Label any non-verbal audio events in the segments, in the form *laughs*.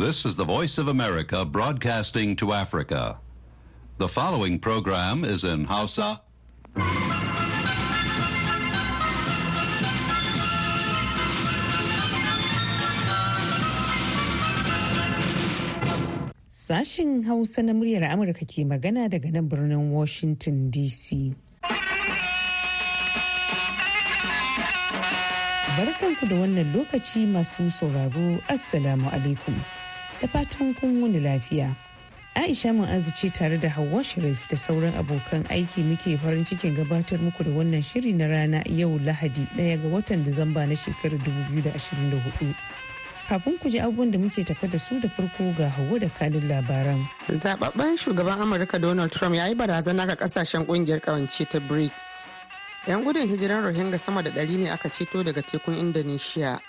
This is the Voice of America broadcasting to Africa. The following program is in Hausa. Sashin Hausa na muryar Amurka ke magana daga nan birnin Washington DC. Barkanku da wannan lokaci masu sauraro, Assalamu alaikum. da fatan kun wani lafiya. Aisha mun ce tare da Hauwa Sharif da sauran abokan aiki muke farin cikin gabatar muku da wannan shiri na rana yau Lahadi ɗaya ga watan Disamba na shekarar 2024. Kafin ku ji abubuwan da muke tafa da su da farko ga Hauwa da kanin labaran. Zababben shugaban Amurka Donald Trump ya yi barazana ga kasashen kungiyar kawance ta BRICS. 'Yan gudun hijiran Rohingya sama da ɗari ne aka ceto daga tekun Indonesia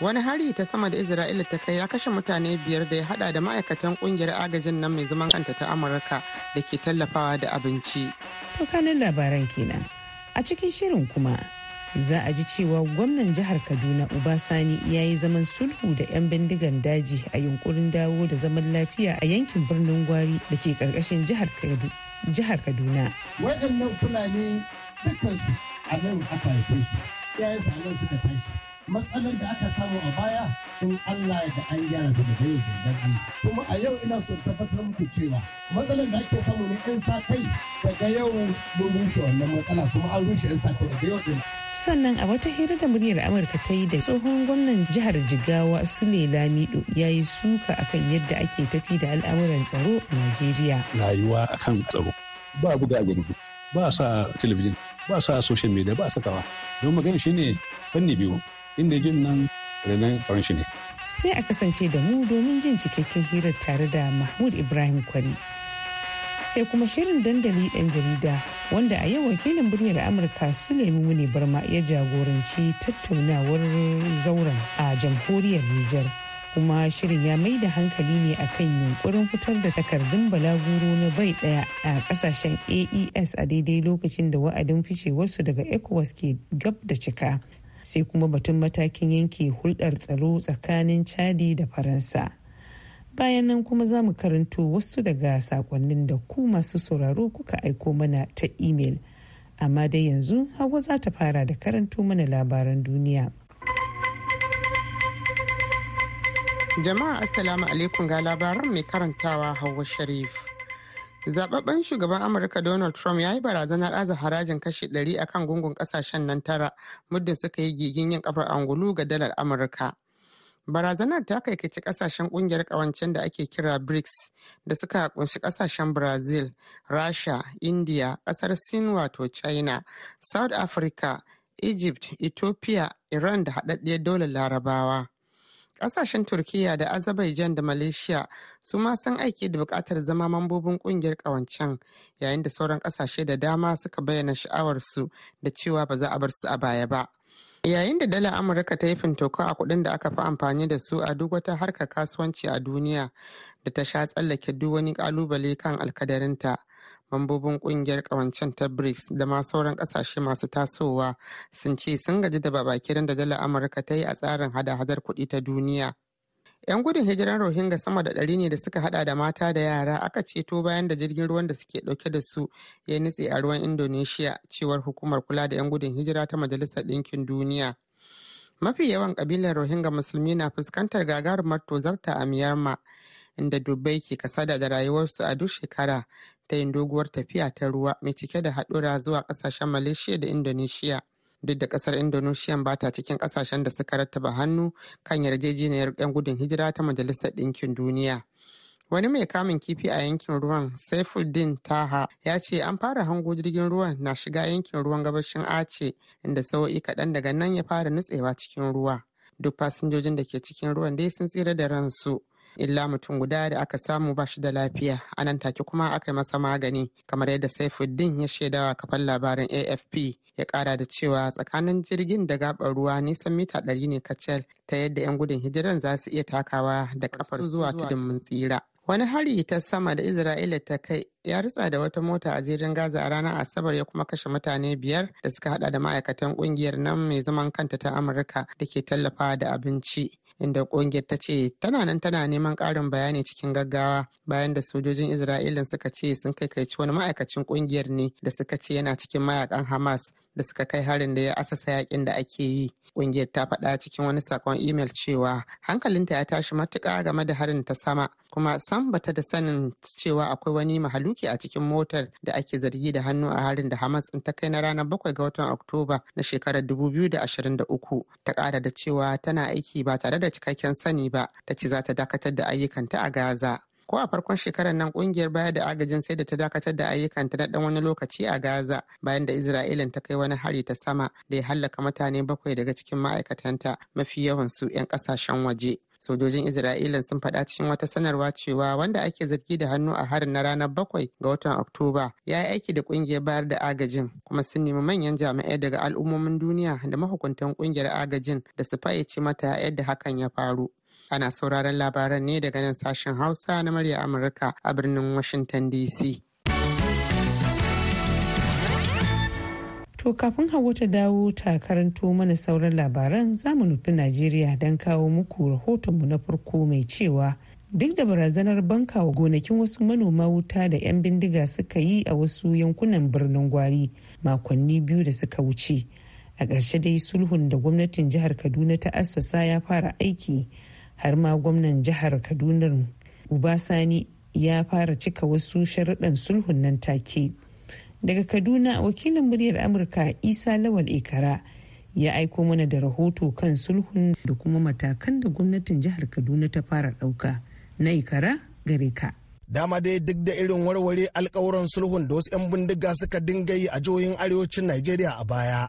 wani hari ta sama da isra'ila ta kai ya kashe mutane biyar da ya hada da ma'aikatan kungiyar agajin nan mai zaman kanta ta amurka da ke tallafawa da abinci to labaran kenan a cikin shirin kuma za a ji cewa gwamnan jihar kaduna ubasani ya yi zaman sulhu da 'yan bindigan daji a yunkurin dawo da zaman lafiya a yankin birnin gwari da ke karkashin jihar kaduna waɗannan fulani dukkansu a nan aka su ya a suka tashi matsalar da aka samu a baya in Allah da an gyara da da yau da Allah kuma a yau ina son tabbatar muku cewa matsalar da ake samu ne in sa kai daga yau mun rushe wannan matsala kuma an rushe in sa kai daga yau din sannan a wata hira da muryar Amurka ta yi da tsohon gwamnan jihar Jigawa Sule Lamido ya yi suka akan yadda ake tafi da al'amuran tsaro a Najeriya rayuwa akan tsaro ba buga garbi ba sa telebijin. ba sa social media ba sakawa don magana shine fanni biyu inda jin nan renan faranshi ne sai a kasance da mu domin jin cikakken hirar tare da mahmud ibrahim kwari sai kuma shirin dandali ɗan jarida wanda a yau wakilin muryar amurka su nemi wuni barma ya jagoranci tattaunawar zauren a jamhuriyar nijar kuma shirin ya mai da hankali ne a kan yunkurin fitar da takardun balaguro na bai daya a kasashen aes a daidai lokacin da wa'adin ficewarsu daga ecowas ke gab da cika sai kuma batun matakin yanke hulɗar tsaro tsakanin chadi da faransa bayan nan kuma za mu karanto wasu daga sakonnin da ku masu sauraro kuka aiko mana ta imel amma dai yanzu hawa za ta fara da karanto mana labaran duniya jama'a assalamu alaikum ga labaran mai karantawa hawa sharif zababben shugaban amurka donald trump ya yi barazanar aza harajin kashi 100 a kan gungun kasashen nan tara muddin suka yi gigin yin kafar angulu ga dalar amurka barazanar ta kaikaci kasashen kungiyar kawancen da ake kira brics da suka kunshi kasashen brazil russia india kasar sin wato china south africa egypt ethiopia iran da haɗaɗɗiyar daular larabawa Ƙasashen turkiya da Azerbaijan da Malaysia su ma sun aiki da bukatar zama mambobin ƙungiyar ƙawancen yayin da sauran ƙasashe da dama suka bayyana sha'awarsu da cewa ba za a bar su a baya ba. Yayin da dala Amurka ta yi fintoko a kuɗin da aka fi amfani da su a duk wata harkar kasuwanci a duniya da ta sha tsallake duk wani ƙalubale kan alkadarinta. mambobin kungiyar kawancen ta brics da ma sauran kasashe masu tasowa sun ce sun gaji da babakiran da dala amurka ta yi a tsarin hada-hadar kuɗi ta duniya 'yan gudun hijiran rohingya sama da ɗari ne da suka hada da mata da yara aka ceto bayan da jirgin ruwan da suke ɗauke da su ya nutse a ruwan indonesia cewar hukumar kula da 'yan gudun hijira ta majalisar ɗinkin duniya mafi yawan kabilar rohingya musulmi na fuskantar gagarumar tozarta a myanmar inda Dubai ke kasada da rayuwarsu a duk shekara ta yin doguwar tafiya ta ruwa mai cike da haɗura zuwa ƙasashen Malaysia da Indonesia. Duk da ƙasar Indonesia ba ta cikin ƙasashen da suka rattaba hannu kan yarjejeniyar 'yan gudun hijira ta Majalisar Ɗinkin Duniya. Wani mai kamun kifi a yankin ruwan Saifuddin Taha ya ce an fara hango jirgin ruwan na shiga yankin ruwan gabashin Ace inda sawo'i kaɗan daga nan ya fara nutsewa cikin ruwa. Duk fasinjojin da ke cikin ruwan dai sun tsira da ransu. illa mutum guda da aka samu ba shi da lafiya a nan take kuma aka yi masa magani kamar yadda saifuddin ya shaidawa kafan labarin afp ya kara da cewa tsakanin jirgin da gabar ruwa nisan mita ɗari ne kacal ta yadda 'yan gudun hijiran za su iya takawa da kafar zuwa tudun mun tsira Wani hari ta sama da Isra'ila ta kai ya ritsa da wata mota a zirin Gaza a ranar Asabar ya kuma kashe mutane biyar da suka hada da ma'aikatan kungiyar nan mai zaman kanta ta Amurka da ke tallafa da abinci. Inda kungiyar ta ce tana nan tana neman karin bayani cikin gaggawa bayan da sojojin Isra'ila suka ce sun kai wani ma'aikacin kungiyar ne da suka ce yana cikin mayakan Hamas da suka kai harin da ya asasa yakin da ake yi ƙungiyar ta faɗa cikin wani sakon imel cewa hankalinta ya tashi matuƙa game da harin ta sama kuma san bata da sanin cewa akwai wani mahaluki a cikin motar da ake zargi da hannu a harin da hamas in ta kai na ranar bakwai ga watan oktoba na shekarar da da ashirin uku. ta ƙara da cewa tana aiki ba tare da cikakken sani ba ta ce za ta dakatar da ayyukanta a gaza ko a farkon shekarar nan kungiyar bayar da agajin sai da ta dakatar da ayyukanta na dan wani lokaci a gaza bayan da isra'ilin ta kai wani hari ta sama da ya hallaka mutane bakwai daga cikin ma'aikatanta mafi yawansu 'yan kasashen waje sojojin isra'ila sun faɗa cikin wata sanarwa cewa wanda ake zargi da hannu a harin na ranar bakwai ga watan oktoba ya yi aiki da ƙungiyar bayar da agajin kuma sun nemi manyan jami'ai daga al'ummomin duniya da mahukuntan ƙungiyar agajin da su fayyace mata yadda hakan ya faru Ana sauraron labaran ne daga nan sashen Hausa na murya Amurka a birnin Washington DC. To kafin Hauwa ta dawo ta karanto mana sauran labaran za mu nufi Najeriya don kawo muku rahotonmu na farko mai cewa duk da barazanar banka wa gonakin wasu manoma wuta da 'yan bindiga suka yi a wasu yankunan birnin gwari makonni biyu da suka wuce a ƙarshe dai sulhun da gwamnatin jihar kaduna ta assasa ya fara aiki har ma gwamnan jihar kaduna ubasani ya fara cika wasu sharuɗan sulhun nan take daga kaduna wakilin muryar amurka isa lawal ikara ya aiko mana da rahoto kan sulhun da kuma matakan da gwamnatin jihar kaduna ta fara ɗauka na ikara gare ka dama dai duk da irin warware alkawuran sulhun da wasu 'yan bindiga suka dinga yi a jihohin arewacin najeriya a baya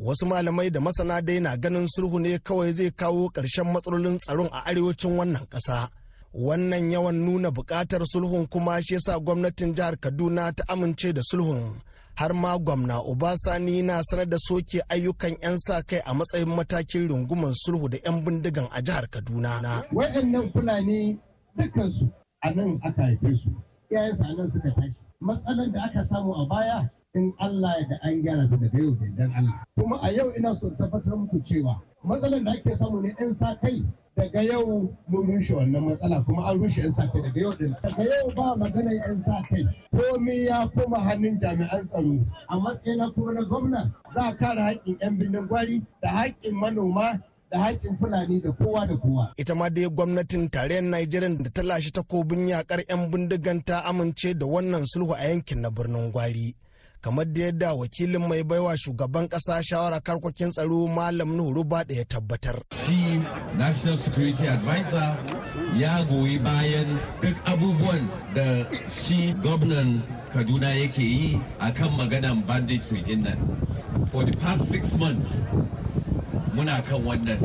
wasu malamai da masana dai na ganin sulhu ne kawai zai kawo ƙarshen matsalolin tsaron a arewacin wannan ƙasa wannan yawan nuna buƙatar sulhun kuma shi yasa gwamnatin jihar kaduna ta amince da sulhun har ma gwamna obasani na sanar da soke ayyukan 'yan sa kai a matsayin matakin runguman sulhu da 'yan bindigan a jihar kaduna wa'annan fulani dukansu a nan aka haife su iyayensu a nan suka tashi matsalar da aka samu a baya in Allah da an gyara ta daga yau da Allah kuma a yau ina so tabbatar muku cewa matsalar da ake samu ne ɗan sa kai daga yau mun rushe wannan matsala kuma an rushe 'yan sa kai daga yau din daga yau ba magana in sa kai komi ya kuma hannun jami'an tsaro a matsayina kuma na gwamna za a kare haƙƙin 'yan birnin gwari da haƙƙin manoma da haƙƙin fulani da kowa da kowa. Ita ma dai gwamnatin tarayyar Najeriya da ta lashe takobin yakar 'yan bindigan ta amince da wannan sulhu a yankin na birnin Gwari. kamar da yadda wakilin mai baiwa shugaban ƙasa shawara karkokin tsaro malam nuhu ruba ya tabbatar. shi national security advisor ya goyi bayan duk abubuwan da shi gwamnan kaduna yake yi a kan maganan banditry din nan for the past six months muna kan wannan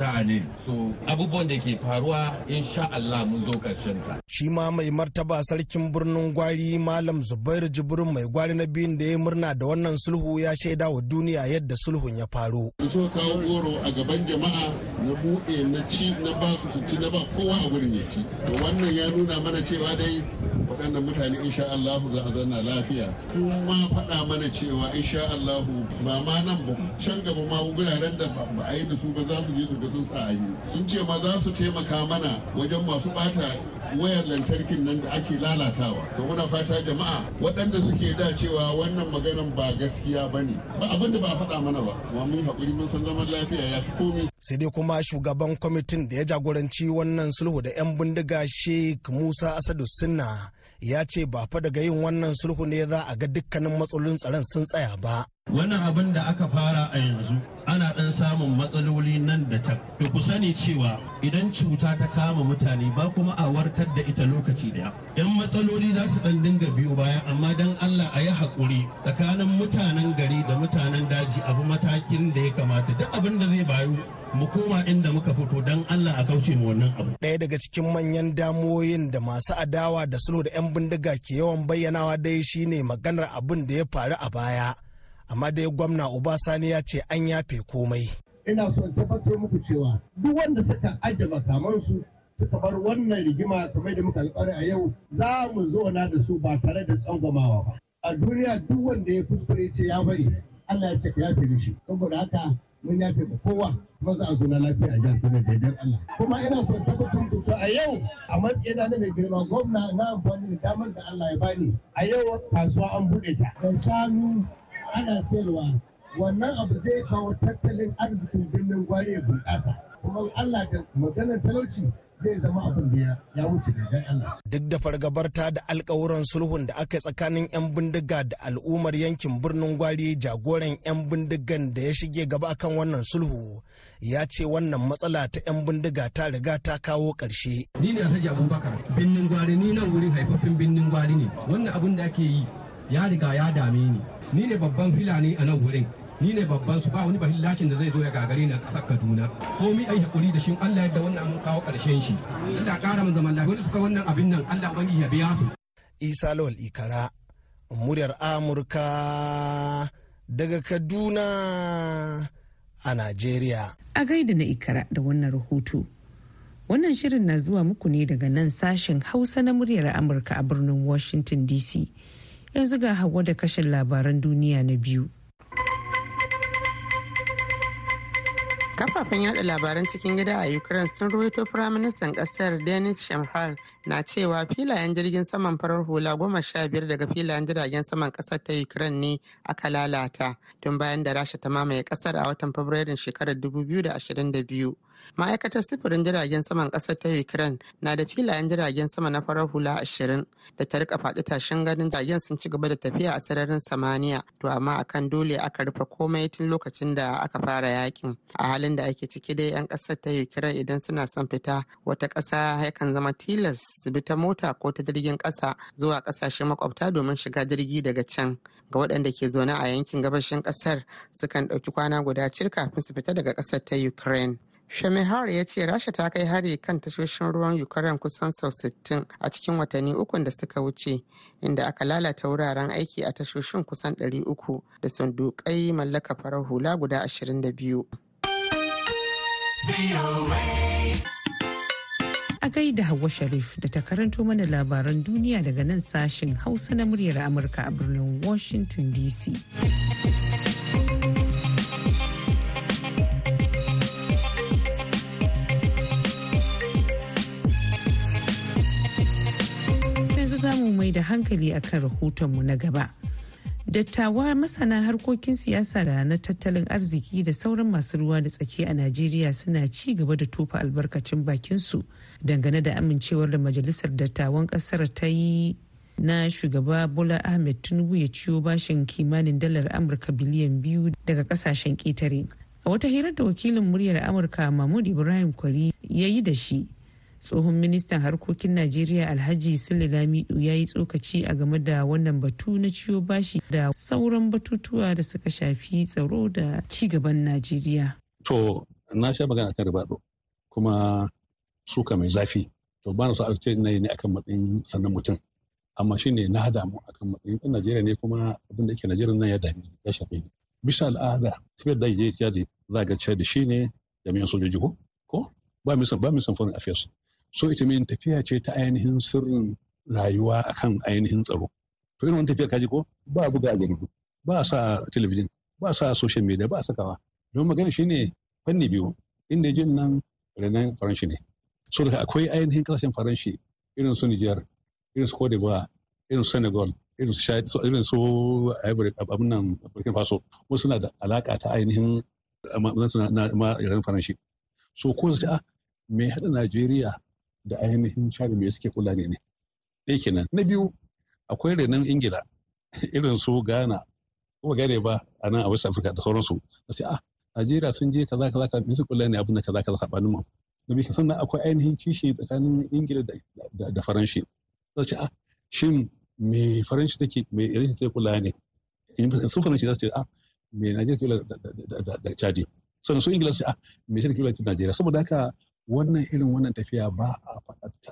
sha'anin so abubuwan da ke faruwa insha Allah mun zo karshen ta shi ma mai martaba sarkin birnin gwari malam zubair jibrin mai gwari na biyun da ya murna da wannan sulhu ya shaida wa duniya yadda sulhun ya faru so kawo goro a gaban jama'a na buɗe na ci na ba su ci na ba kowa masa to wannan ya nuna mana cewa dai waɗannan mutane insha Allah za a zanna lafiya kuma faɗa mana cewa insha Allah ba ma nan ba can gaba ma guraren da ba a yi da su ba za su je su ga sun sun ce ma za su taimaka mana wajen masu ɓata wayar lantarkin nan da ake lalatawa to muna fata jama'a waɗanda suke da cewa wannan maganan ba gaskiya ba ne ba abin da ba faɗa mana ba kuma mun haƙuri mun san zaman lafiya ya fi komi. sai dai kuma shugaban kwamitin da ya jagoranci wannan sulhu da 'yan bindiga sheik musa asadu sunna ya ce ba fa daga yin wannan sulhu ne za a ga dukkanin matsalolin tsaron sun tsaya ba wannan abin da aka fara a yanzu ana ɗan samun matsaloli nan da can to ku sani cewa idan cuta ta kama mutane ba kuma a warkar da ita lokaci daya yan matsaloli za su ɗan dinga biyu baya amma dan Allah a yi haƙuri tsakanin mutanen gari da mutanen daji abu matakin da ya kamata duk abin da zai bayu mu koma inda muka fito dan Allah a kauce mu wannan abu. Ɗaya daga cikin manyan damuwoyin da masu adawa da sulo da 'yan bindiga ke yawan bayyanawa dai shine maganar abin da ya faru a baya amma dai gwamna obasani ya ce an yafe komai ina son tabbatar muku cewa duk wanda suka ajiye makamansu suka bar wannan rigima kamar da muka alƙawari a yau za mu zauna da su ba tare da tsangwamawa ba a duniya duk wanda ya kuskure ce ya bari Allah ya ce ya fi shi saboda haka mun yafe ba kowa kuma za a zo na lafiya a jihar Kano daidai Allah kuma ina son tabbatar muku cewa a yau a matsayina na mai girma gwamna na amfani da damar da Allah ya bani a yau kasuwa an buɗe ta da shanu ana sayarwa wannan abu zai kawo tattalin arzikin birnin gwari ya bunƙasa kuma Allah da maganar talauci zai zama abin da ya wuce da Allah. Duk da fargabarta da alkawuran sulhun da aka tsakanin 'yan bindiga da al'ummar yankin birnin gwari jagoran 'yan bindigan da ya shige gaba kan wannan sulhu ya ce wannan matsala ta 'yan bindiga ta riga ta kawo ƙarshe. Ni ne Alhaji Abubakar birnin gwari ni nan wurin haifafin birnin gwari ne wannan abin da ake yi ya riga ya dame ni. ni ne babban filani a nan wurin ni ne babban su ba wani bahillacin da zai zo ya gagare ni a ƙasar Kaduna ko mi ai hakuri da shi Allah ya da wannan mun kawo ƙarshen shi Allah ƙara mun zaman lafiya wani suka wannan abin nan Allah ubangiji ya biya su Isa Lawal Ikara muryar Amurka daga Kaduna a Najeriya a gaida na Ikara da wannan rahoto wannan shirin na zuwa muku ne daga nan sashen Hausa na muryar Amurka a birnin Washington DC yanzu ga hawa da kashin labaran duniya na biyu. kafafen yada labaran cikin gida a ukraine sun ruwaito firaministan kasar denis shamhal na cewa filayen jirgin saman farar hula goma sha biyar daga filayen jiragen saman kasar ta ukraine ne aka lalata tun bayan da rasha ta mamaye kasar a watan fabrairun shekarar 2022 ma'aikatar sifirin jiragen saman kasar ta ukraine na da filayen jiragen sama na farar hula ashirin da ta rika faɗi tashin ganin jiragen sun ci gaba da tafiya a sararin samaniya to amma akan dole aka rufe komai tun lokacin da aka fara yakin a halin halin da ake ciki dai 'yan ƙasar ta ukraine idan suna son fita wata ƙasa yakan zama tilas su bi ta mota ko ta jirgin kasa zuwa ƙasashen makwabta domin shiga jirgi daga can ga waɗanda ke zaune a yankin gabashin ƙasar sukan ɗauki kwana guda cir kafin su fita daga kasar ta ukraine Shamihar ya ce Rasha ta kai hari kan tashoshin ruwan Ukraine kusan sau 60 a cikin watanni ukun da suka wuce, inda aka lalata wuraren aiki a tashoshin kusan 300 da sandukai mallaka farar hula guda 22. A da Hauwa Sharif da ta karanto mana labaran duniya daga nan sashen Hausa na muryar Amurka a birnin Washington DC. Yanzu za mu mai da hankali akan rahotonmu na gaba. dattawa masana harkokin siyasa da na tattalin arziki da sauran masu ruwa da tsaki a najeriya suna ci gaba da tofa albarkacin bakinsu dangane da amincewar da majalisar dattawan kasar ta yi na shugaba bola ahmed tinubu ya ciyo bashin kimanin dalar amurka biliyan biyu daga kasashen ƙetare a wata hirar da wakilin muryar amurka mahmud ibrahim kwari ya yi da shi tsohon ministan harkokin najeriya alhaji sule lamidu ya yi tsokaci a game da wannan batu na ciwo bashi da sauran batutuwa da suka shafi tsaro da cigaban najeriya to na sha magana akan ribaɗo kuma suka mai zafi to ba na so ce na yi ne akan matsayin sannan mutum amma shi ne na hada mu akan matsayin ɗan najeriya ne kuma abin da yake najeriya nan ya dami ya shafe ni bisa al'ada tafiyar da ya je za ga cewa da shi ne jami'an sojoji ko ko ba mu san ba mu san foreign affairs so ita min tafiya ce ta ainihin sirrin rayuwa akan ainihin tsaro to irin wani tafiya kaji ko ba a buga a ba ba sa telebijin. ba a sa social media ba a sakawa don magana ne fanni biyu inda jin nan renan faranshi ne so daga akwai ainihin kasashen faranshi irin su niger irin su cote d'ivoire irin su senegal irin su irin su ivory abin nan burkina faso wasu suna da alaka ta ainihin na ma faranshi so ko su me haɗa najeriya da ainihin shari'a mai suke kula ne ne ɗaya kenan na biyu akwai renon ingila *laughs* irin su ghana kuma gane ba a nan a west africa da sauransu A ce ah najeriya sun je kaza kaza kaza su kula ne abin da kaza kaza sabanin mu da bi na akwai ainihin kishi tsakanin ingila da faranshi za ce ah shin me faranshi take me irin take kula ne su faranshi za su ce ah me najeriya kula da chadi sannan su ingila su ce ah me shi kula da najeriya saboda haka wannan irin wannan tafiya ba a faɗarta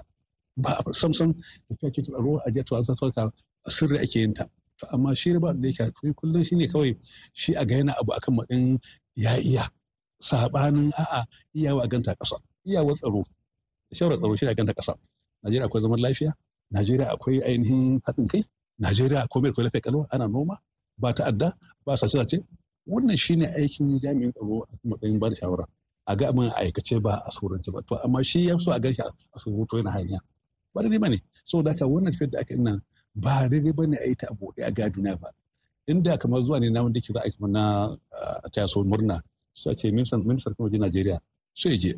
ba a samsam tafiya ce tsaro a jiya tuwa ta sirri ake yin ta to amma shi ba da yake kai kullum shine kawai shi a ga yana abu akan matsayin ya iya sabanin a'a iyawa a ganta ƙasa iyawa tsaro shawarar tsaro shi a ganta ƙasa Najeriya akwai zaman lafiya Najeriya akwai ainihin haɗin kai Najeriya akwai mai kula kalau ana noma ba ta'adda ba sace-sace wannan shine aikin jami'in tsaro a matsayin ba da shawara a ga min aikace ba a surance ba to amma shi ya so a ganshi a surutu yana hanya ba da ba ne da ka wannan tafiyar da aka nan ba daidai ba ne a yi ta a buɗe a gadina ba inda kamar zuwa ne na wanda ke za a yi kuma na taso murna su ce ministan kuma je najeriya su ya je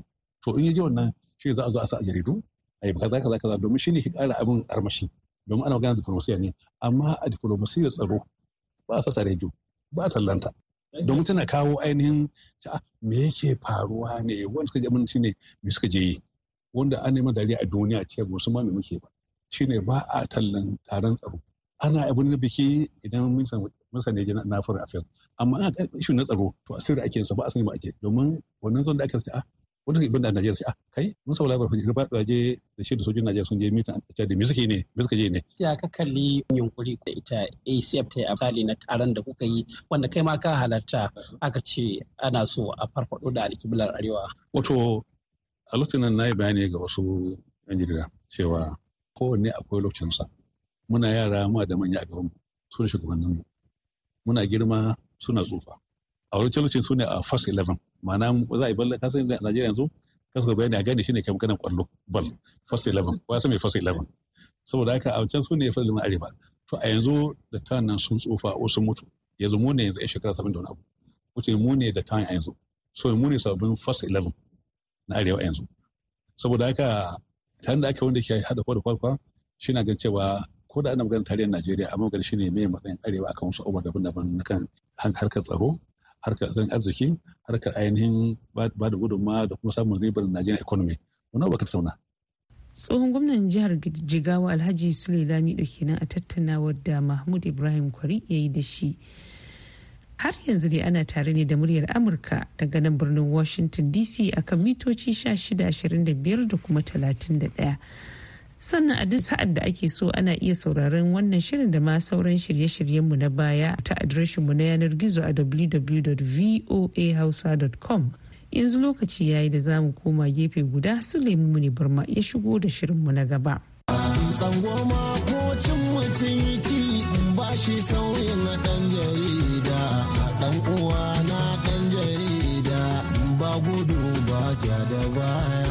to in ya je wannan shi za a zo a sa a jaridu a yi kaza kaza kaza domin shi ne ke ƙara abin armashi domin ana magana diplomasiya ne amma a diplomasiya tsaro ba a sa rediyo ba a tallanta domin tana kawo ainihin ah, me yake faruwa ne wanda suka je aminci ne me suka je yi wanda an nema dariya a duniya ce ma me muke ba shine ba a tallan taron tsaro ana abin da biki idan mun san masana jina na fara afiyar amma ana shi na tsaro to asiri ake sa ba a sani ba ake domin wannan zon da aka a. Ah, wani ibin da Najeriya sai ah kai mun sau labar fujir ba da je da shi da sojin Najeriya sun je mita a da me suke ne me suka je ne ya ka kalli yunkuri da ita ACF ta a misali na taron da kuka yi wanda kai ma ka halarta aka ce ana so a farfado da alkiblar arewa wato a lokacin nan nayi bayani ga wasu yan jirga cewa kowanne akwai lokacinsa muna yara muna da manya a mu. su da shugabanninmu muna girma suna tsufa a wani lokacin su ne a first 11 ma'ana za a yi ballon kasan a Najeriya yanzu kasu bayani a shi shine kai maganar kwallo ball first 11 ba su mai first 11 saboda haka a can su ne first 11 arewa to a yanzu da ta nan sun tsufa wasu mutu yanzu mu ne yanzu ya shekara sabin da wani abu wuce mu ne da ta a yanzu so mu ne sabbin first 11 na arewa yanzu saboda haka tare da aka wanda ke hada kwa da kwakwa shi na gan cewa ko da ana maganar tarihin Najeriya amma maganar shine mai matsayin arewa akan wasu abubuwa daban-daban na kan harkar tsaro harkar tattalin arziki harkar ainihin ba da gudunma da kuma samun ribar najeriya economy wannan ba ka tauna tsohon gwamnan jihar jigawa alhaji sule lamido kenan a tattaunawar da mahmud ibrahim kwari ya yi da shi har yanzu dai ana tare ne da muryar amurka daga nan birnin washington dc akan mitoci 1625 da kuma 31 sannan a duk sa'ad da ake so ana iya sauraron wannan shirin da ma sauran shirye-shiryenmu na baya ta adireshinmu na yanar gizo a www.voahausa.com yanzu lokaci ya yi da za mu koma gefe guda su lemu ne barma ya shigo da shirinmu na gaba. ja da baya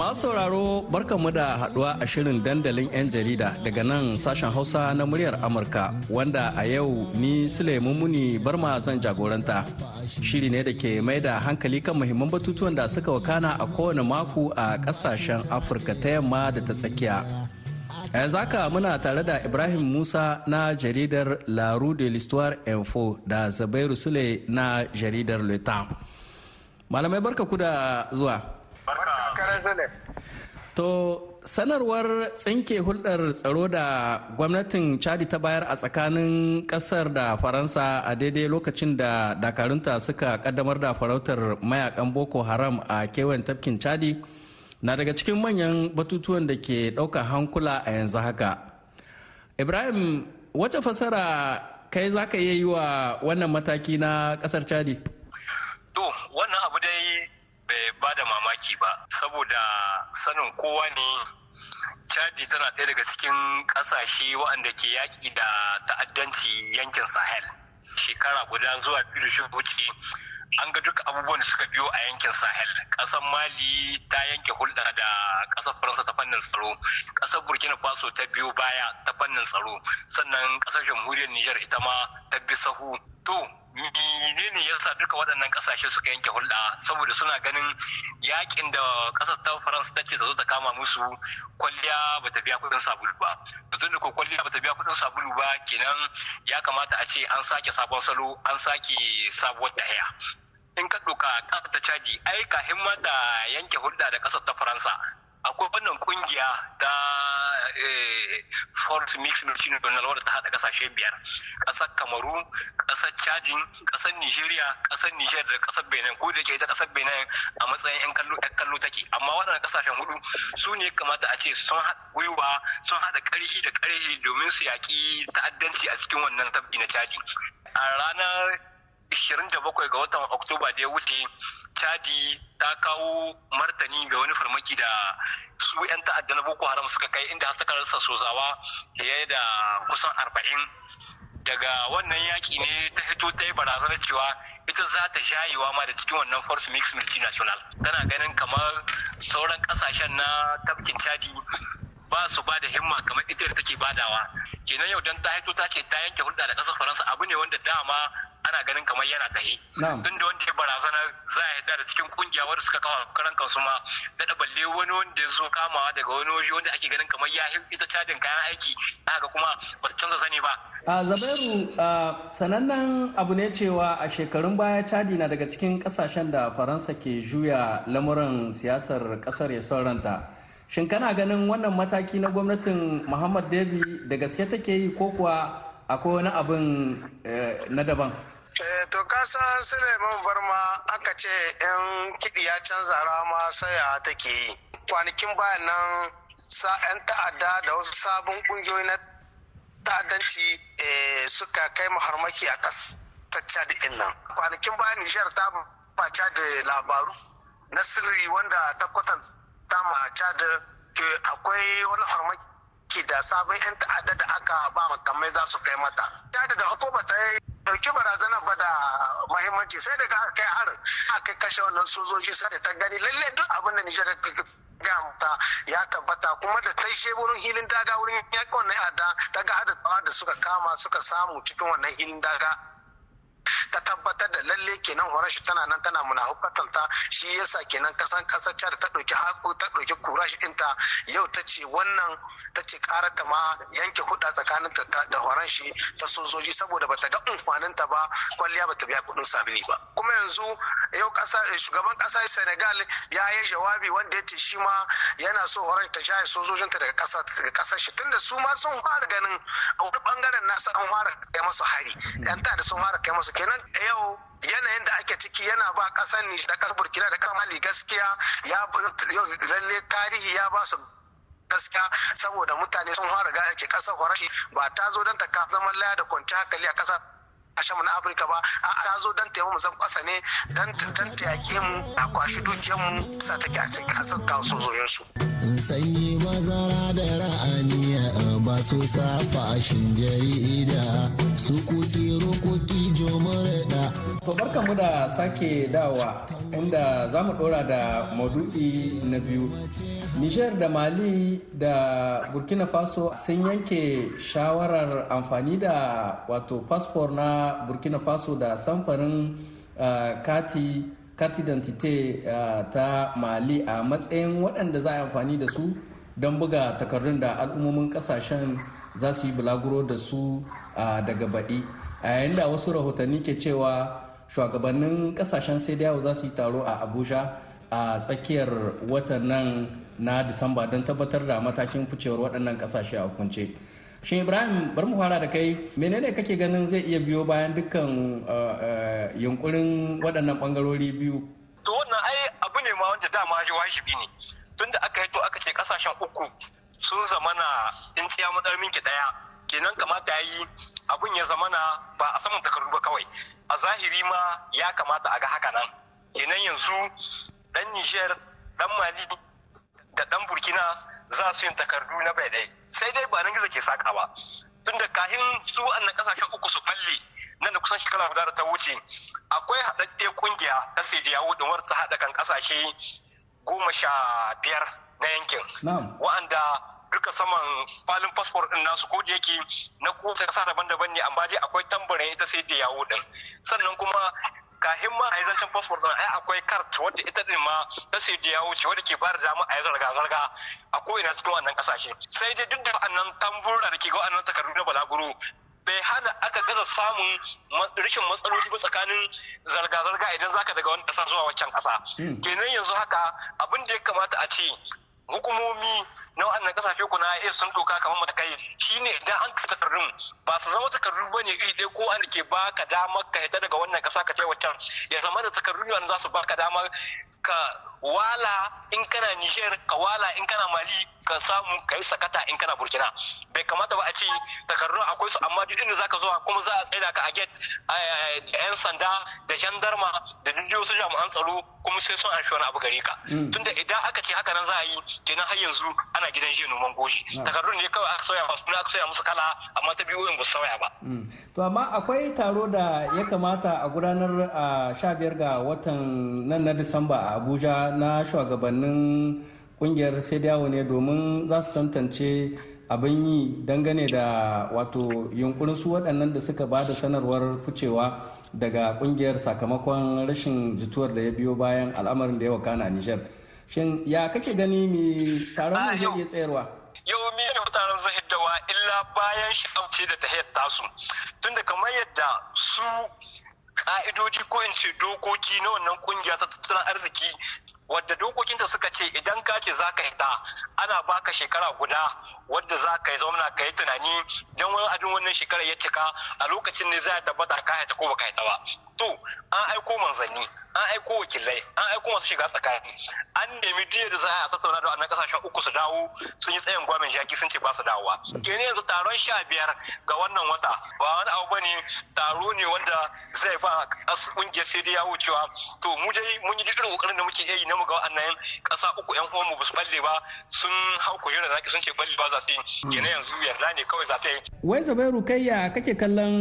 Masu sauraro barka mu da haduwa a shirin dandalin 'yan jarida daga nan sashen Hausa na muryar Amurka wanda a yau ni sulaimun Muni ma zan jagoranta. Shiri ne da ke mai da hankali kan muhimman batutuwan da suka wakana a kowane mako a kasashen Afirka ta yamma da ta tsakiya. yanzu haka muna tare da ibrahim musa na jaridar la rue de l'histoire info da zabairu sule na jaridar le malamai barka ku da zuwa To sanarwar tsinke hulɗar tsaro da gwamnatin Chadi ta bayar a tsakanin ƙasar da Faransa a daidai lokacin da dakarunta suka kaddamar da farautar mayakan Boko Haram a kewayen tafkin Chadi na daga cikin manyan batutuwan da ke ɗaukar hankula a yanzu haka. Ibrahim, wace fasara kai za ka iya yi wa wannan mataki na ƙasar Chadi? To, wannan abu dai bai ba da mamaki ba saboda sanin kowa ne chadi tana ɗaya daga cikin ƙasashe waɗanda ke yaƙi da ta'addanci yankin sahel shekara guda zuwa biyu da shi wuce an ga duk abubuwan da suka biyo a yankin sahel ƙasar mali ta yanke hulɗa da ƙasar faransa ta fannin tsaro ƙasar burkina faso ta biyo baya ta fannin tsaro sannan ƙasar jamhuriyar niger ita ma ta bi sahu to menene yasa duka waɗannan ƙasashe suka yanke hulɗa saboda suna ganin yakin da ƙasar ta faransa ta ce zato ta kama musu kwalliya ba ta biya kuɗin sabulu ba yanzu da ko kwalliya ba ta biya kuɗin sabulu ba kenan ya kamata a ce an sake sabon salo an sake sabuwar haya in ka ɗauka ƙasar ta cadi ai kafin ma ta yanke hulɗa da ƙasar ta faransa akwai wannan kungiya ta eh, force mix multinational wadda ta hada kasashe biyar kasar kamaru kasar chadin kasar nigeria kasar niger da kasar benin ko da ke ita kasar benin a matsayin yan kallo yan kallo take amma waɗannan kasashen hudu su ne kamata a ce sun haɗa gwiwa sun haɗa ƙarfi da ƙarfi domin su yaƙi ta'addanci a cikin wannan tabki na chadi a ranar 27 ga watan oktoba da ya wuce chadi ta kawo martani ga wani farmaki da su 'yan ta'adda na boko haram suka kai inda suka rasa sozawa fiye da kusan 40 daga wannan yaki ne ta fito ta yi barazanar cewa ita za ta shayewa ma da cikin wannan force mix multinational tana ganin kamar sauran kasashen na tafkin chadi ba su ba da himma kamar ita da take badawa kenan yau dan ta haito ta ta yanke hulɗa da ƙasar faransa abu ne wanda dama ana ganin kamar yana tahi tun da wanda ya barazana za a da cikin kungiya wanda suka kawo karan kansu ma daɗa balle wani wanda ya zo kamawa daga wani waje wanda ake ganin kamar ya ita cadin kayan aiki haka kuma ba su canza sani ba. a zabairu sanannen abu ne cewa a shekarun baya cadi na daga cikin kasashen da faransa ke juya lamuran siyasar ƙasar ya son ranta. shin kana ganin wannan mataki na gwamnatin muhammad debi da gaske take yi ko kuwa akwai wani abin eh, na daban eh, to kasa suleiman barma aka ce yan kiɗi ya canza rama saya take yi kwanakin bayan nan yan ta'adda da wasu sabon kungiyoyi na ta'addanci eh, suka kai maharmaki a ƙasar chad nan kwanakin bayan nijar ta baca da labaru na sirri wanda ta kwatanta samu a chad akwai wani farmaki da sabon 'yan ta'adda da aka ba makamai za su kai mata chad da hako ba ta dauki barazana ba da mahimmanci sai daga aka kai harin aka kashe wannan sojoji sai da ta gani lalle duk abin da nijar mata ya tabbata kuma da ta she wurin hilin daga wurin yaƙon na ada ta ga hada da suka kama suka samu cikin wannan hilin daga ta tabbatar da lalle kenan horon shi tana nan tana munafukatan ta shi yasa kenan kasan kasar Chad ta dauki haƙo ta dauki kura shi ɗinta yau ta ce wannan ta ce karata ma yanke kuɗa tsakanin ta da horon shi ta sojoji saboda bata ga umfanin ta ba kwalliya bata biya kuɗin sabini ba kuma yanzu yau eh, shugaban kasar senegal ya yi jawabi wanda ya ce shi ma yana so horar ta jaye sojojinta daga kasar shi tunda su ma sun fara ganin a wani bangaren nasa an fara kai masu hari yan ta da sun fara kai masu kenan yau yanayin da ake ciki yana ba kasar ni da kasar burkina da kamali gaskiya ya lalle tarihi ya ba su gaskiya saboda mutane sun fara ga ake kasar horashi ba ta zo don ta ka zaman laya da kwanci hankali a kasar mu na afirka ba a ta zo don taimu zan kasa ne don ta yake mu a kwashi mu sa take a cikin kasar ga sojoyinsu. sanyi mazara da ra'aniya ba su safa shin jarida su kuki rukuki jomar da. to barka mu da sake dawa inda za mu ɗora da maudu'i na biyu. Nijar da Mali da Burkina Faso sun yanke shawarar amfani da wato fasfor na Burkina Faso da samfarin uh, kati kati dantite eh, ta Mali a matsayin waɗanda za a amfani da su don buga takardun da al'ummomin ƙasashen za su yi bulaguro da su uh, daga baɗi. A yayin da wasu rahotanni ke cewa shugabannin kasashen sai da yau za su yi taro a abuja a tsakiyar watan nan na disamba don tabbatar da matakin ficewar waɗannan kasashe a hukunce shin ibrahim bar mu fara da kai menene kake ganin zai iya biyo bayan dukkan eh, eh, yunkurin waɗannan ɓangarori biyu to wannan ai abu ne ma wanda dama wajibi ne tunda aka yi to aka ce kasashen uku sun zama na in tsiya matsarminki ɗaya kenan kamata ya yi abun ya zamana ba a saman takardu ba kawai a zahiri ma ya kamata a ga haka nan kenan yanzu dan niger dan mali da dan burkina za su yin takardu na bai ɗaya sai dai ba nan gizo ke saka ba tunda kahin su annan kasashen uku su balle nan da kusan shekara guda da ta wuce akwai haɗaɗɗe kungiya ta sidiyawo da wadda ta haɗa kan kasashe goma sha biyar na yankin wa'anda duka saman falin fasfor din nasu ko da yake na kowace kasa daban-daban ne amma dai akwai tambarin ita sai da yawo din sannan kuma kahin ma a yi zancen fasfor din ai akwai kart wadda ita din ma ta sai da yawo ce wadda ke ba da dama a yi zarga-zarga a ko'ina cikin wannan kasashe sai dai duk da wannan tambura da ke ga wannan takardu na balaguro bai hana aka gaza samun rashin matsaloli ba tsakanin zarga-zarga idan zaka daga wani ƙasa zuwa wancan ƙasa hmm. kenan yanzu haka abin da ya kamata a ce hukumomi na waɗannan kasashe ku na iya sun doka kamar matakai ne idan an ka takardun ba su zama takardu ba ne iri ɗaya ko an ke ka damar ka hita daga wannan kasa ka ce wancan ya zama da takardu ne za su ba ka damar ka wala in kana Niger ka wala in kana Mali ka samu ka yi sakata in kana burkina bai kamata ba a ce takardun akwai su amma duk inda zaka zo kuma za a tsaya ka a get yan sanda da jandarma da duk wasu jami'an tsaro kuma sai sun an wani abu gare ka mm. tunda idan aka ce haka nan za a yi kenan har yanzu ana gidan jiya noman goji mm. takardun ne kawai aka sauya masu aka sauya musu kala amma ta biyu ba sauya ba mm. to amma akwai taro da ya kamata a gudanar a 15 ga watan nan na Disamba a Abuja na shugabannin kungiyar sai dawo ne domin za su tantance abin yi dangane da wato yunkurin su waɗannan da suka ba da sanarwar ficewa daga kungiyar sakamakon rashin jituwar da ya biyo bayan al'amarin da ya wakana a Nijar. Shin ya kake gani mai taron ah, zai iya tsayarwa? yau miliyan mutanen dawa illa bayan shi amce da tahiyar tasu tunda kamar yadda su ka'idodi ko in ce dokoki na wannan kungiya ta tattalin arziki wadda dokokinta suka ce idan ka ce za ka hita ana baka shekara guda wadda za ka yi zauna ka yi tunani don wani abin wannan shekarar ya cika a lokacin ne za a tabbata ka hita ko baka hita ba to an aiko manzanni an aiko wakilai an aiko masu shiga tsakani an nemi diya da za a tattauna da wannan kasashen uku su dawo sun yi tsayin gwamin jaki sun ce ba su dawowa ne yanzu taron sha biyar ga wannan wata ba wani abu bane taro ne wanda zai ba kungiyar sai dai yawo cewa to mu dai mun yi irin kokarin da muke yi na mu ga wannan kasa uku yan mu ba su balle ba sun hau kujera da sun ce balle ba za su yi ne yanzu yarda ne kawai za ta yi wai zabairu kayya kake kallon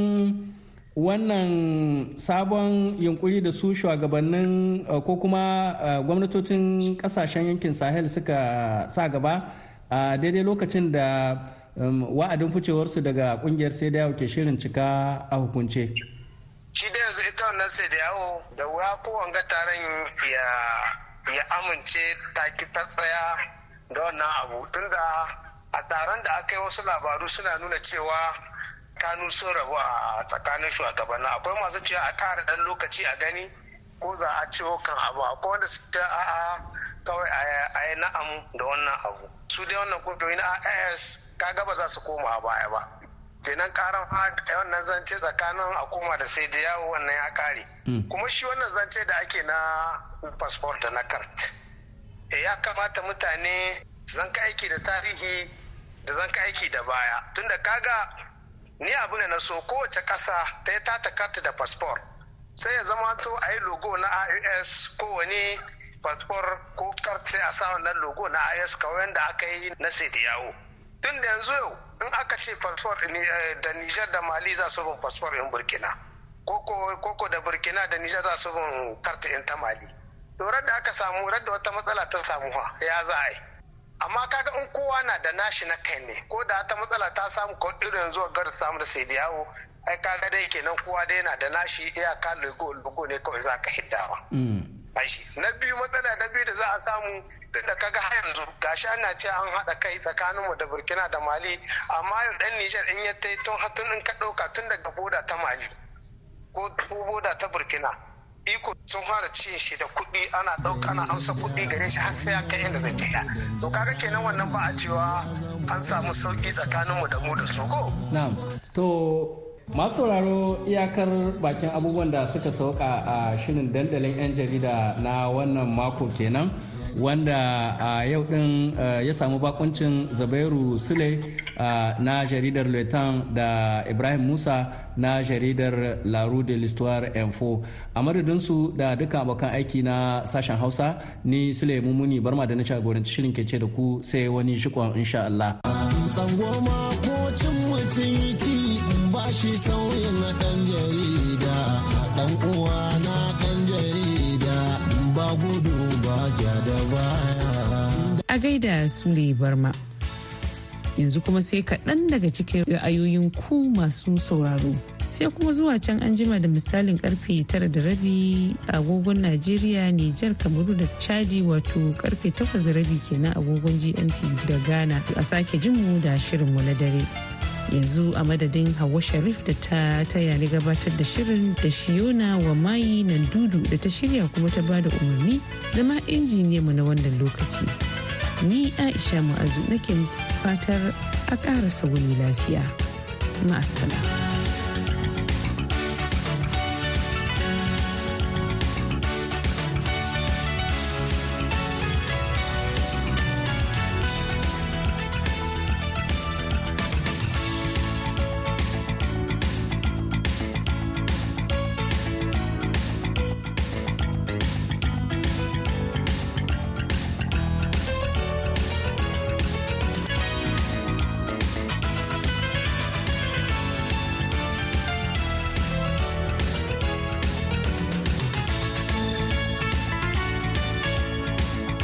wannan sabon yunkuri da su shugabannin uh, ko kuma uh, gwamnatocin kasashen yankin sahel suka sa gaba a daidai lokacin da um, wa'adin ficewarsu daga kungiyar sai da ke shirin cika a hukunce shi da yanzu ita wannan sai da yawo da wuya kowanga taron ya amince taki ta tsaya da wannan abu tunda a taron da aka yi wasu labaru suna nuna cewa kanu sun rabu a tsakanin shugabannin akwai masu cewa a kare dan lokaci a gani ko za a ciwo kan abu akwai wanda su ta a'a kawai a yi na'am da wannan abu su dai wannan kungiyoyi na as kaga ba za su koma a baya ba kenan karan wannan zance tsakanin a koma da sai da yawo wannan ya kare hmm. kuma shi wannan zance da ake na passport da na kart eh, ya kamata mutane zan ka aiki da tarihi da zan ka aiki da baya tunda kaga ni abu ne na so kowace ƙasa ta yi tata karta da fasfor sai ya zama to a yi logo na ios ko wani fasfor ko kart sai a sa wannan logo na ios kawai yadda aka yi na sediyawo tun da yanzu yau in aka ce fasfor da eh, nijar da mali za su bin fasfor in burkina koko da burkina da nijar za su bin karta in ta mali to da aka samu da wata matsala ta samu ya za a yi amma kaga in kowa na da nashi na kai ne ko da ta matsala ta samu ko irin yanzu ga ta samu da sai da yawo ai kaga dai kenan kowa dai na da nashi ka lugo lugo ne kawai za ka hiddawa mm. na biyu matsala na biyu da za a samu tun da kaga har yanzu gashi ana ce an haɗa kai tsakanin mu da burkina da mali amma yau dan nijar in ya tun hatun in ka ɗauka tun daga boda ta mali ko boda ta burkina iko sun fara cin shi da kuɗi ana ɗauka ana amsa kuɗi gare shi har sai ya kai inda zai tafiya to kaga kenan wannan ba a cewa an samu sauki tsakaninmu da mu da su ko na'am to masu sauraro iyakar bakin abubuwan da suka sauka a shirin dandalin 'yan jarida na wannan mako kenan wanda a yau din ya samu bakuncin Zubairu Sule na jaridar leitan da Ibrahim Musa na jaridar La Rue de l'Histoire Info. A madadinsu da duka abokan aiki na sashen Hausa ni Sule Mumuni barma da na jagoranci shirin ke ce da ku sai wani shikon insha Allah. ko cin ɗan jarida, ɗan uwa na ba gudu A gaida Sule Barma. Yanzu kuma sai kaɗan daga cikin ra'ayoyin ku masu sauraro. Sai kuma zuwa can an jima da misalin karfe tara da rabi agogon Najeriya, Nijar, Kamaru da Chadi wato karfe takwas da rabi kenan agogon GMT da Ghana a sake jinmu da shirinmu na dare. yanzu a madadin hawa sharif da ta taya ni gabatar da shirin da fiona wa mayi nan dudu da ta shirya kuma ta bada umarni da ma mu na wannan lokaci ni aisha ma'azu nake fatar a ƙara wani lafiya ma'asala.